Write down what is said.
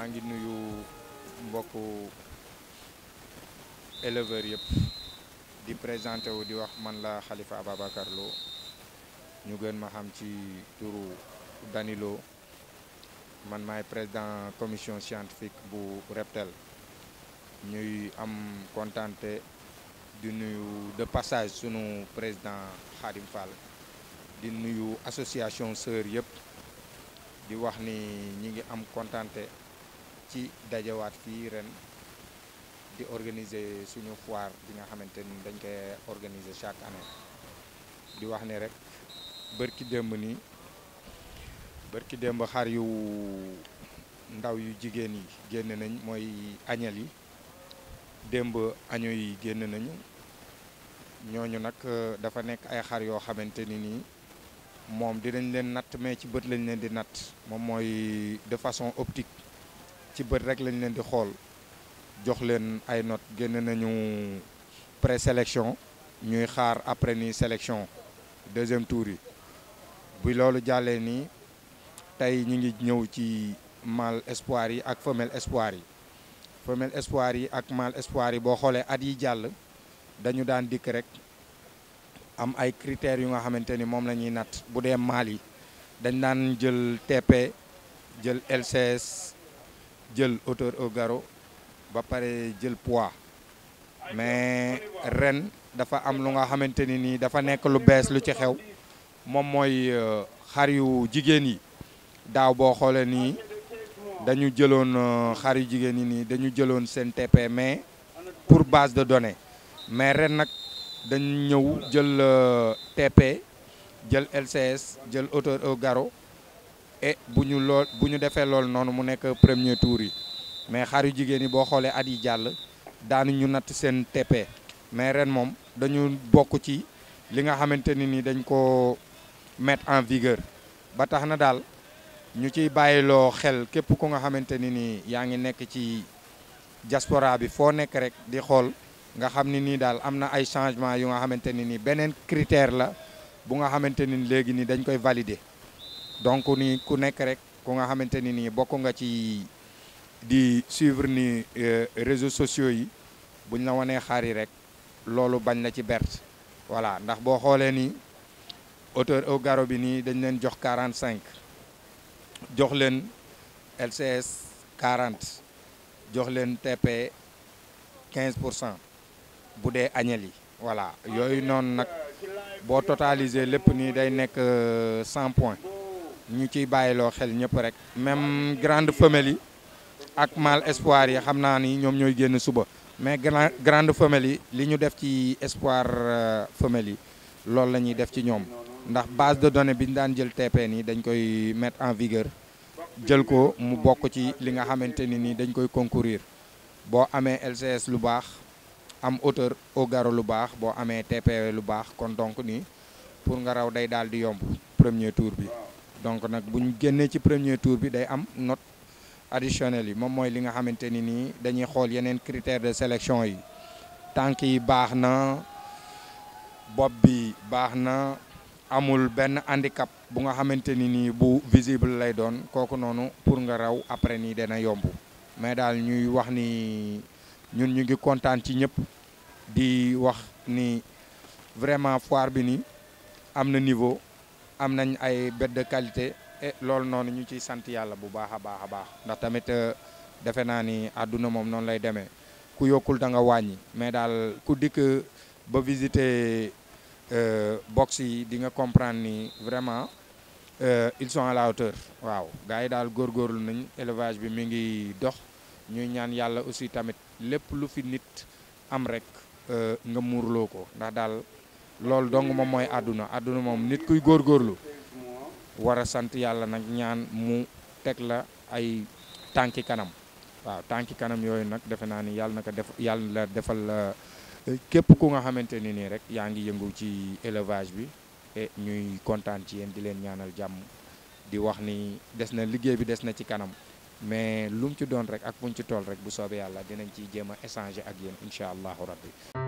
maa ngi nuyu mbokku éleveurs yëpp di présenté wu di wax man la xalifa Ababacar ñu gën ma xam ci turu Dany man may président commission scientifique bu Reptel ñuy am kontaante di nuyu de passage sunu président Khadim Fall di nuyu association sœur yëpp di wax ni ñi ngi am kontaante ci dajawaat fii ren di organiser suñu foire bi nga xamante ni dañ koy organiser chaque année di wax ni rek bërki démb nii bërki démb xar yu ndaw yu jigéen yi génn nañ mooy añal yi démb año yi génn nañu ñooñu nag dafa nekk ay xar yoo xamante ni nii moom dinañ leen natt mais ci bët lañ leen di natt moom mooy de façon optique ci bët rek lañ leen di xool jox leen ay not génn nañu présélection ñuy xaar après ni sélection deuxième tour yi bi loolu jàllee nii tey ñu ngi ñëw ci mâle espoir yi ak femelle espoir yi femelle espoir yi ak mâle espoir yi boo xoolee at yi jàll dañu daan dikk rek am ay critères yu nga xamante ni moom la ñuy natt bu dee mâle yi dañ daan jël TP jël LCS jël autor au garrot ba pare jël pois mais ren dafa am lu nga xamante ni nii dafa nekk lu bees lu ci xew moom mooy euh, xar yu jigéen yi daaw boo xoolee nii dañu jëloon euh, xar yu jigéen yi nii dañu jëloon seen TP mais pour base de données mais ren nag dañ ñëw jël euh, TP jël LCS jël hauteur au garrot et eh, bu ñu lool bu ñu defee lool noonu mu nekk premier tour yi mais xar jigéen yi boo xoolee at yi jàll daanu ñu natt seen TP mais ren moom dañu bokk ci li nga xamante ni ni dañ ko mettre en vigueur ba tax na daal ñu ciy bàyyiloo xel képp ku nga xamante ni ni yaa ngi nekk ci diaspora bi foo nekk rek di xool nga xam ni nii daal am na ay changement yu nga xamante ni nii beneen critère la bu nga xamante ni léegi nii dañ koy valider donc ni ku nekk rek ku nga xamante ni nii bokk nga ci di suivre ni euh, réseaux sociaux yi buñ la wanee xaar yi rek loolu bañ la ci berte voilà ndax boo xoolee ni auteur au garo bi nii dañ leen jox cinq jox leen LCS quarante jox leen TP 15 pour cent bu dee añel yi voilà yooyu noonu nag boo totaliser lépp nii day nekk 100 euh, points ñu ciy bàyyiloo xel ñëpp rek même grande famille yi ak mal espoir yi xam naa ni ñoom ñooy génn suba mais grande famille yi li ñu def ci espoir euh, famille yi loolu la ñuy def ci ñoom ndax base de données bi ñu daan jël TPN ni dañ koy mettre en vigueur jël ko mu bokk ci li nga xamante ni nii dañ koy concourir boo amee LCS lu baax am hauteur au garrot lu baax boo amee TPE lu baax kon donc nii pour nga raw day daal di yomb premier tour bi donc nag bu ñu génnee ci premier tour bi day am not additionnelle yi moom mooy li nga xamante ni nii dañuy xool yeneen critère de sélection yi tànk yi baax na bopp bi baax na amul benn handicap bu nga xamante ni nii bu visible lay doon kooku noonu pour nga raw après nii dana yomb mais daal ñuy wax ni ñun ñu ngi kontaan ci ñëpp di wax ni vraiment foire bi nii am na niveau am nañ ay bête de qualité et loolu noonu ñu ciy sant yàlla bu baax a baax a baax ndax tamit euh, defe naa ni àdduna moom noonu lay demee ku yokkul da nga wàññi mais daal ku dikk ba visiter euh, box yi di nga comprendre ni vraiment euh, ils sont à la hauteur waaw gars yi daal góorgóorlu nañ élevage bi mi ngi dox ñuy ñaan yàlla aussi tamit lépp lu fi nit am rek nga muurloo ko ndax daal loolu dong moom mooy àdduna àdduna moom nit kuy góorgóorlu war a sant yàlla nag ñaan mu teg la ay tànki kanam waaw tànki kanam yooyu nag defe naa ni yàlla na ko def yàlla defal la eh, képp ku nga xamante ni nii rek yaa ngi yëngu ci élevage bi et eh, ñuy kontaan ci yéen di leen ñaanal jàmm di wax ni des na liggéey bi des na ci kanam mais lu mu ci doon rek ak buñ ci tool rek bu soobee yàlla dinañ ci jéem a échanger ak yéen incha allahu rabbi